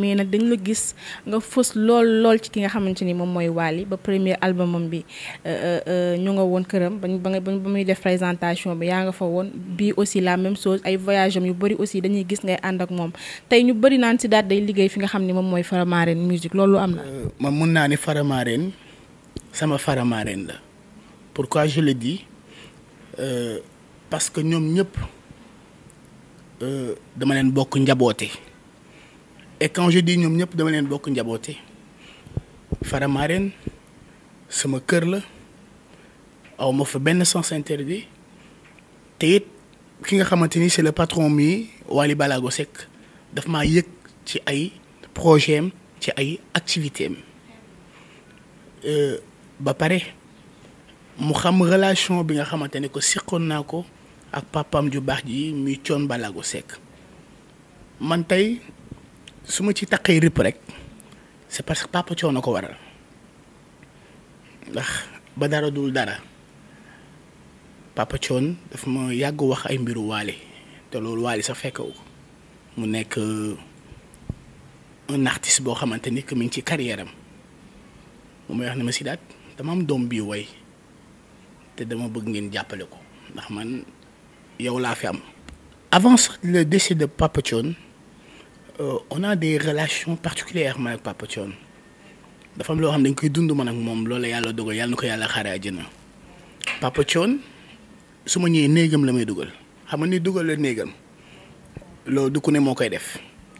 mais nag dañ la gis nga fës lool lool ci ki nga xamante ni moom mooy Wally ba premier albumam bi euh, euh, euh, ñu nga woon këram ba ba muy def présentation bi yaa nga fa woon bii aussi la même chose ay voyage yu bëri aussi dañuy gis ngay ànd ak moom tey ñu bëri naan si daal day liggéey fi nga xam ni moom mooy Faramareen musique loolu am na. ma mun naa ne Faramareen sama Faramareen la pourquoi je le dis parce que ñoom ñëpp dama leen bokk njaboote. et di ñoom ñëpp dama leen bokk njaboote Faramareen sama kër la awma ma fa benn sens interdit te it ki nga xamante ni c'est le patron mi Wally Balago sekk daf maa yëg ci ay projet am ci ay activité am euh, ba pare mu xam relation bi nga xamante ne ko siqoon naa ko ak papam ju baax ji muy coon Balago Seck man tey su ma ci taqee rëpp rek c'est parce que papa coono ko waral ndax ba dara dul dara papa dafa ma yàgg wax ay mbiru waale te loolu waali sax fekkewu ko mu nekk un artiste boo xamante ni que mi ngi ci carrière am mu may wax ne ma si daat dama am doom bii woy te dama bëgg ngeen jàppale ko ndax man yow laa fi am avant le décès de papa Euh, on a des relations particulières man ak Papa Thione dafa loo xam dañ koy dund man ak moom loolu yàlla dogal yàlla na ko yàlla xaaree àjjana Papa Thione su ma ñëwee néegam la may dugal xam ni dugal la néegam loolu du ku ne moo koy def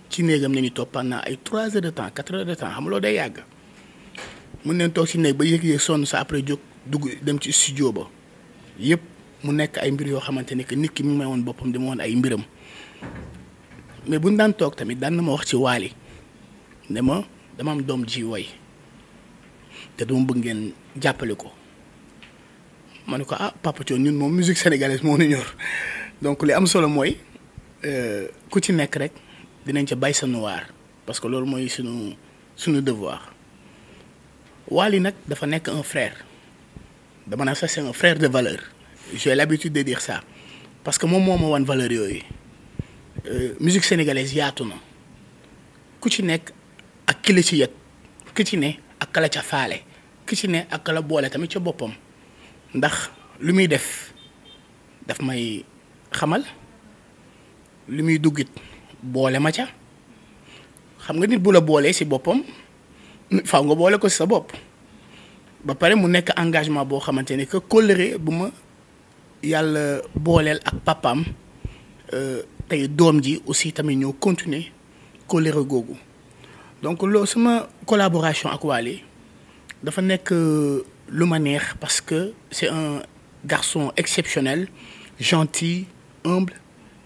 ci néegam nañu toog pendant ay trois heures de temps quatre heures de temps xam loo loolu day yàgg mun neen toog ci néeg ba yëg yëg sonn sa après jóg dugg dem ci studio ba yëpp mu nekk ay mbir yoo xamante ni que nit ki mu may woon boppam dama woon ay mbiram mais bu buñ daan toog tamit daan na ma wax ci waali ne dama am doom ji woy te dama bëgg ngeen jàppale ko ma ne ko ah Papa Thione ñun moom musique sénégalaise moo nu ñor donc li am solo mooy euh, ku ci nekk rek dinañ ca bay sa noir parce que loolu mooy sunu sunu devoir Wally nag dafa nekk un frère dama naa sax c'est un frère de valeur j'ai l'habitude de dire saa parce que moom moo ma wan valeur yooyu Euh, musique sénégalaise yaatu na ku ci nekk ak kilo la ci yët ku ci ne ak kala ca faale ku ci ne ak kala boole tamit ca boppam ndax lu muy def daf may xamal lu muy duggit boole ma ca xam nga nit bu la boolee si boppam faaw nga boole ko si sa bopp ba pare mu nekk engagement boo xamante ne que colère bu ma yàlla booleel ak papaam. Euh, tey doom ji aussi tamit ñoo continuer kóllëre googu donc loo suma collaboration ak Wally dafa nekk euh, lu ma neex parce que c'est un garson exceptionnel gentil humble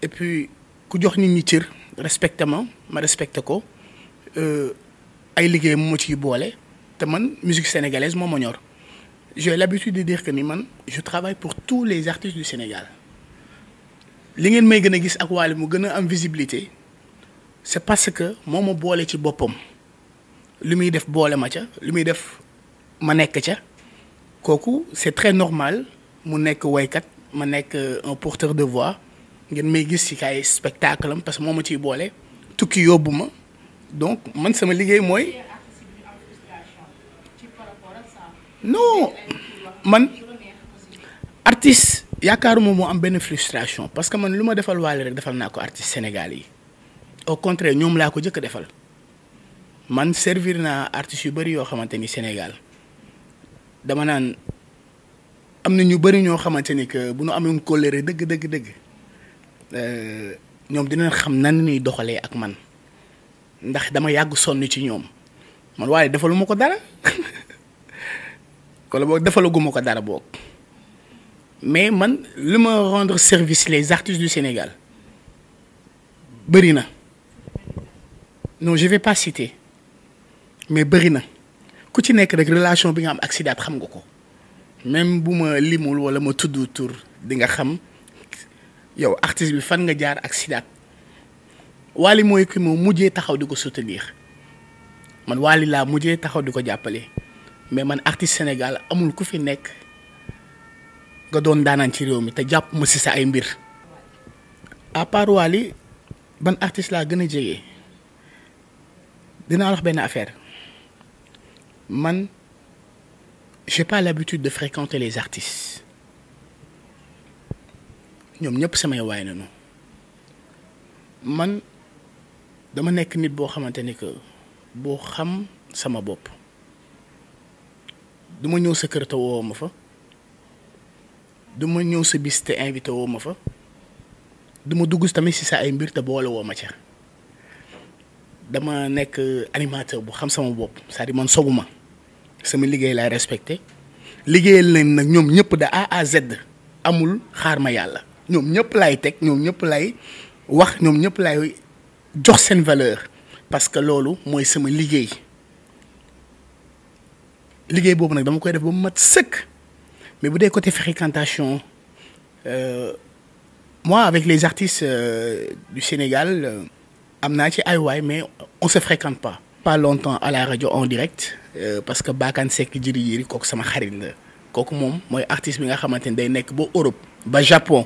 et puis ku jox nit ñi cër respecté ma ma respecté ko euh, ay liggéey moo ciy boole te man musique sénégalaise moo ma ñor j'ai l'habitude de dire que ni man je travaille pour tous les artistes du Sénégal li ngeen may gën a gis ak Wally mu gën a am visibilité c'est parce que moo ma boole ci boppam li muy def boole ma ca li muy def ma nekk ca kooku c'est très normal mu nekk woykat ma nekk euh, un porteur de voix ngeen may gis ci kaay spectacle am parce que moo ma ciy boole tukki yóbbu ma donc man sama liggéey mooy non man artiste yaakaaruma moo am benn frustration parce que man lu ma defal Wally rek defal naa ko artiste Sénégal yi au contraire ñoom laa ko jëkk defal man servir naa artistes yu bëri yoo xamante ni Sénégal dama naan am na ñu bëri ñoo xamante ni que bu nu amee colère dëgg dëgg dëgg ñoom dina xam nan ñuy doxalee ak man ndax dama yàgg sonn ci ñoom man waaye defaluma ko dara wala boo defalaguma ko dara boog. mais man li ma rendre service les artistes du Sénégal bëri na non je vais mais bëri na ku ci nekk rek relation bi nga am ak Sidath xam nga ko même bu ma limul wala ma tudd tur di nga xam yow artiste bi fan nga jaar ak Sidath Wally mooy ki moo mujjee taxaw di ko soutenir man Wally laa mujjee taxaw di ko jàppale mais man artiste Sénégal amul ku fi nekk. nga doon daanaan ci réew mi te jàpp ma si sa ay mbir à part ban artiste laa gën a jege dinaa wax benn affaire man j'ai pas l'habitude de fréquenter les artistes ñoom ñëpp samay waay nañu man dama nekk nit boo xamante ni que boo xam sama bopp du ñëw sa kër te woo ma fa du ma ñëw sa bis te invité woo ma fa du ma dugg tamit si sa ay mbir te boole woo ma ca dama nekk animateur bu xam sama bopp cest à man sobu ma sama liggéey laay respecté liggéeyal nañ nag ñoom ñëpp da A à Z amul xaar ma yàlla ñoom ñëpp lay teg ñoom ñëpp lay wax ñoom ñëpp lay jox seen valeur parce que loolu mooy sama liggéey liggéey boobu nag dama koy def ba mu mat sëkk. mais bu dee côté fréquentation euh, moi avec les artistes euh, du Sénégal euh, am naa ci ay waay mais on se fréquente pas. pas longtemps à la rajo en direct euh, parce que Bakane Seck jëri yëri kooku sama xarit la kooku moom mooy artiste bi nga xamante ni day nekk ba Europe. ba Japon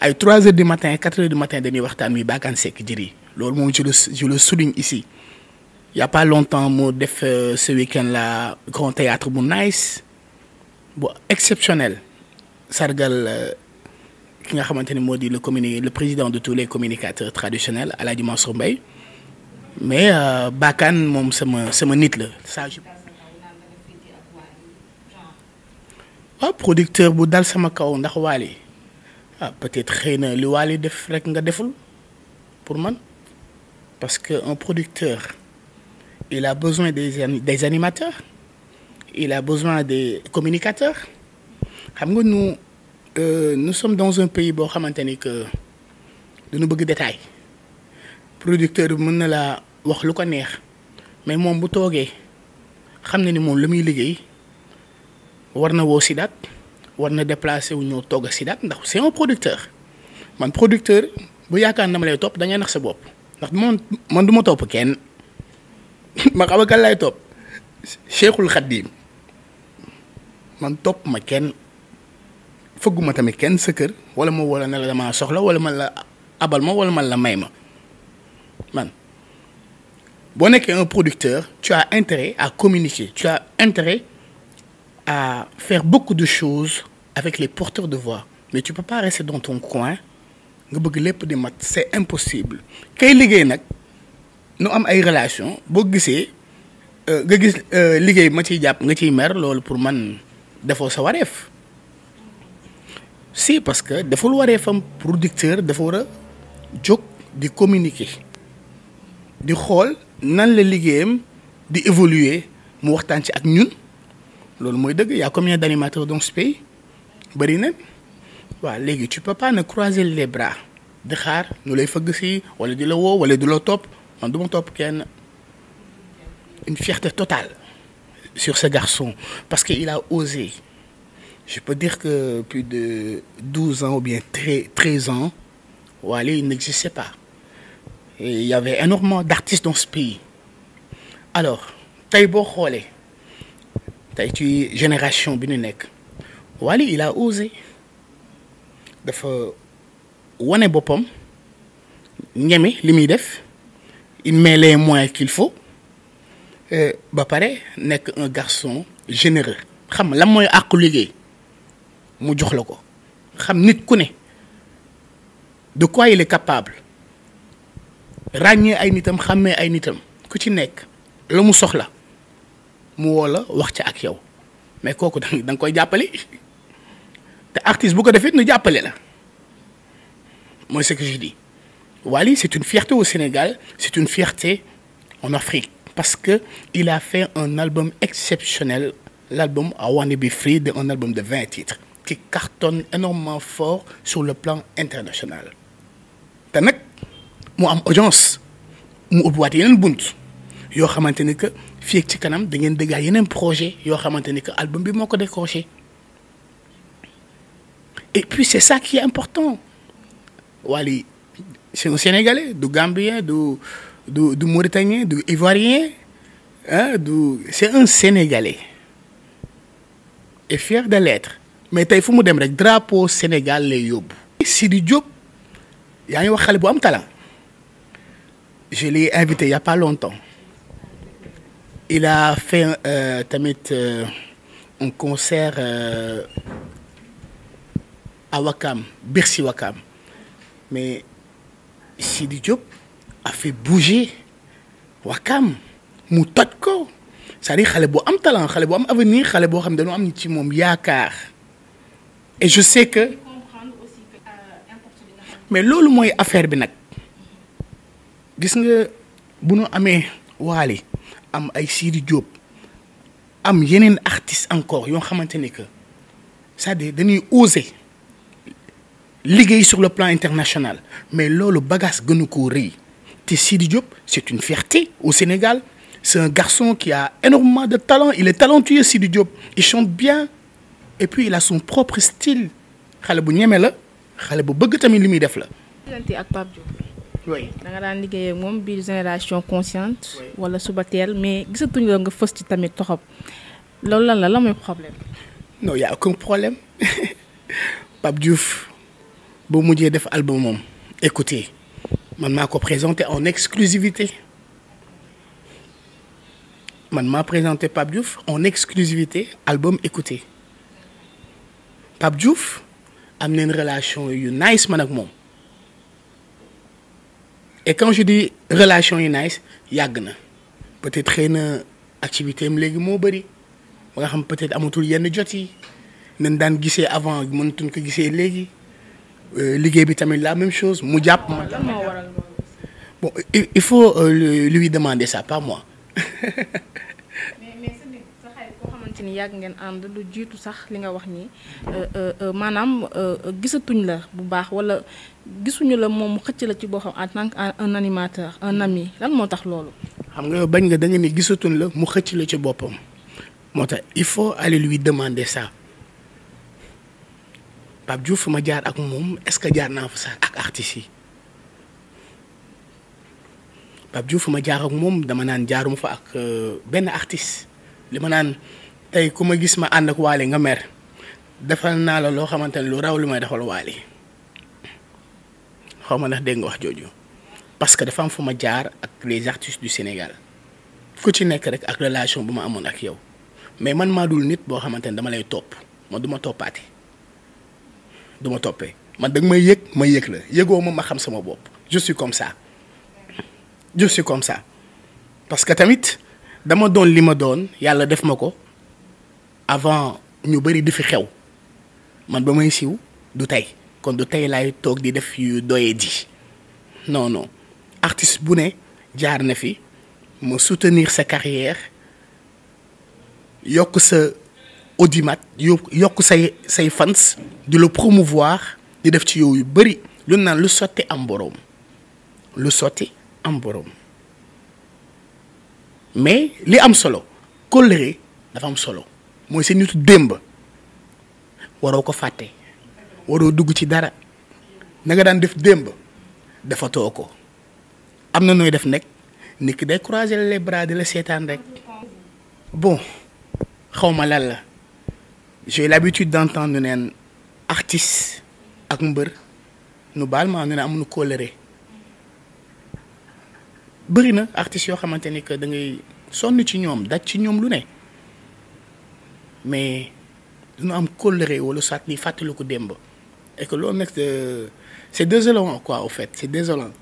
ay 3 heures du matin 4 heures du matin dañuy waxtaan wi Bakane Seck jëri loolu moom je le je le souligne ici. y' pas longtemps moo def ce week la là grand théâtre bu nice bu exceptionnel sargal euh, ki nga xamante ni moo di le communi le président de tous les communicateurs traditionnels Alaaji Mansour Mbaye mais euh, Bakane moom sama sama nit la ça waaw producteur bu dal sama kaw ndax Wally ah peut-être xëy na li Wally def rek nga deful pour man parce que un producteur il a besoin des des animateurs il a besoin des communicateurs xam nga nu euh, nous sommes dans un pays boo xamante ni que dañu bëgg détail producteur bi mën na laa wax lu ko neex mais moom bu toogee xam na ni moom la muy liggéey war na woo si Sidaat war na déplacé wu ñëw togg Sidaat ndax c'est un producteur man producteur bu yaakaar na ma lay topp da ngay nax sa bopp ndax man man du ma topp kenn ma xaw a kan lay topp Cheikhul Khadim man topp ma kenn fëgguma tamit kenn sa kër wala moo wala ne la damaa soxla wala man la abal ma wala man la may ma man boo nekkee un producteur tu as intérêt à communiquer tu as intérêt à faire beaucoup de choses avec les porteurs de voix mais tu peux pas rester dans ton coin nga bëgg lépp di mat c'est impossible kay liggéey nag nu am ay relation boo gisee euh, nga gis euh, liggéey ma ciy jàpp nga ciy mer loolu pour man defoo sa wareef si parce que deful wareefam producteur dafa war a jóg di communiquer di xool nan la liggéeyam di évoluer mu waxtaan ci ak ñun loolu mooy dëgg y'a combien d'animateurs dans ce pays bëri na waaw léegi ci peux pas ne croiser les bras di xaar ñu lay fëgg si wala di la woo wala di la topp man du topp kenn une fierté totale sur ce garçon parce qu'il a osé. Je peux dire que plus de 12 ans ou bien 13 ans, Wally n'existait pas. Et il y avait énormément d'artistes dans ce pays. Alors, tey boo xoolee tey ci génération bi ñu nekk Wally il a osé dafa wane boppam ñeme li muy def il met les moyens qu'il faut Euh, ba pare nekk un garçon généreux xam lan mooy àqu liggéey mu jox la ko xam nit ku ne de quoi il est capable ràññee ay nitam xàmmee ay nitam ku ci nekk la mu soxla mu woo wax ca ak yow mais kooku da nga koy jàppale te artiste bu ko defee nu jàppale la mooy ce que je dis Wally c'est une fierté au Sénégal c'est une fierté en Afrique parce que il a fait un album exceptionnel l'album I Wanna Be Free un album de vingt titres qui cartonne énormément fort sur le plan international te nag mu am audience mu ubbiwaat yeneen bunt yoo xamante ni que fii ci kanam da ngeen dëggaat yeneen projet yoo xamante ni que album bi moo ko décroché et puis c'est ça qui est important Wally c'est un Sénégalais du Gambien du du du Mauritanien du Ivoirien ah du c'est un Sénégalais et fier de l'être mais tey fu mu dem rek drapeau Sénégal lay yóbbu. Sidi Diop yaa ngi wax xale bu am talent je l'ai invité ya y a pas longtemps il a fait euh, tamit euh, un concert euh, à Wakam Bercy Wakam mais Sidi Diop. a fait bouger kam mu toj ko cest à xale boo am talent xale boo am avenir xale boo xam ne dañoo am ci moom yaakaar et je sais que mais loolu mooy affaire bi nag gis nga bu nu amee Wally am ay Sidi Diop am yeneen artistes encore yoo xamante ni que c'est-à-dire dañuy oser liggéey sur le plan international mais loolu bagage gënu koo rëy. te Sidi Diop c'est une fierté au Sénégal c'est un garçon qui a énormément de talent il est talentueux di Diop il chante bien et puis il a son propre style xale bu ñeme la xale bu bëgg tamit li muy def la. ak Pape daan liggéey moom biir génération consciente. wala suba teel mais gisatuñu la nga fës ci tamit toxam loolu lan la la mooy problème. non y aucun problème Pape Diouf ba mujjee def album moom écoutez. man maa ko présenté en exclusivité man maa présenté Pape Diouf en exclusivité album écouté Pape Diouf am neen relation yu nice man ak moom et quand je relation yu nice yàgg na peut-être xëy na activité am léegi moo bëri ba nga xam peut-être amatul yenn jot yi nañ daan gisee avant mënatuñ ko gisee léegi Euh, liggéey bi tamit la même chose mu jàpp ma. bon il faut euh, lui demander ça pas moi. ni yàgg ngeen ànd jiitu sax li nga wax nii euh, maanaam gisatuñ la bu baax wala gisuñu la moom mu xëcc la ci boppam en tant que un animateur un ami lan moo tax loolu. xam nga bañ nga da nga ni gisatuñ la mu xëcc la ci boppam moo tax il faut aller lui demander ça. Pape Diouf fi ma jaar ak moom est-ce que jaar naa fa sax ak artistes yi Pape Diouf ma jaar ak moom dama naan jaaruma fa ak euh, benn artiste li ma naan tey ku ma gis ma ànd waale nga mer defal naa la loo xamante ne lu raw li may defal xaw ma ndax dégg nga wax jooju parce que dafa am fu ma jaar ak les artistes du Sénégal ku ci nekk rek ak relation bu ma amoon ak yow mais man maa dul nit boo xamante ne dama lay topp ma du ma toppaate du ma toppee man da nga may yëg ma yëg la yëgoo ma ma xam sama bopp je suis comme ça je suis comme ça parce que tamit dama doon li ma doon yàlla def ma ko avant ñu bëri di fi xew man ba may siiw du tey kon du tey lay toog di def yu doyee di non non artiste bu ne jaar na fi ma soutenir sa carrière yokk sa audimat yokk say say fans di la promouvoir di def ci yow yu bëri lu naan lu sotti am boroom lu sotti am boroom mais li am solo kóllëre dafa am solo mooy sa nitu démb waroo ko fàtte waroo dugg ci dara nanga daan def démb dafa too ko am na nooy def nekk nit ki day croiser les bras di la seetaan rek bon xaw ma lan la la l'habitude d'entendre ñu neen artiste ak mbër nu baal maa ñu ne amuñu colère bëri na artistes yoo xamante ni que da ngay sonn ci ñoom daj ci ñoom lu ne mais duñu am colère wala soit li ku démb et que loolu nag c'est désolant quoi au fait c'est désolant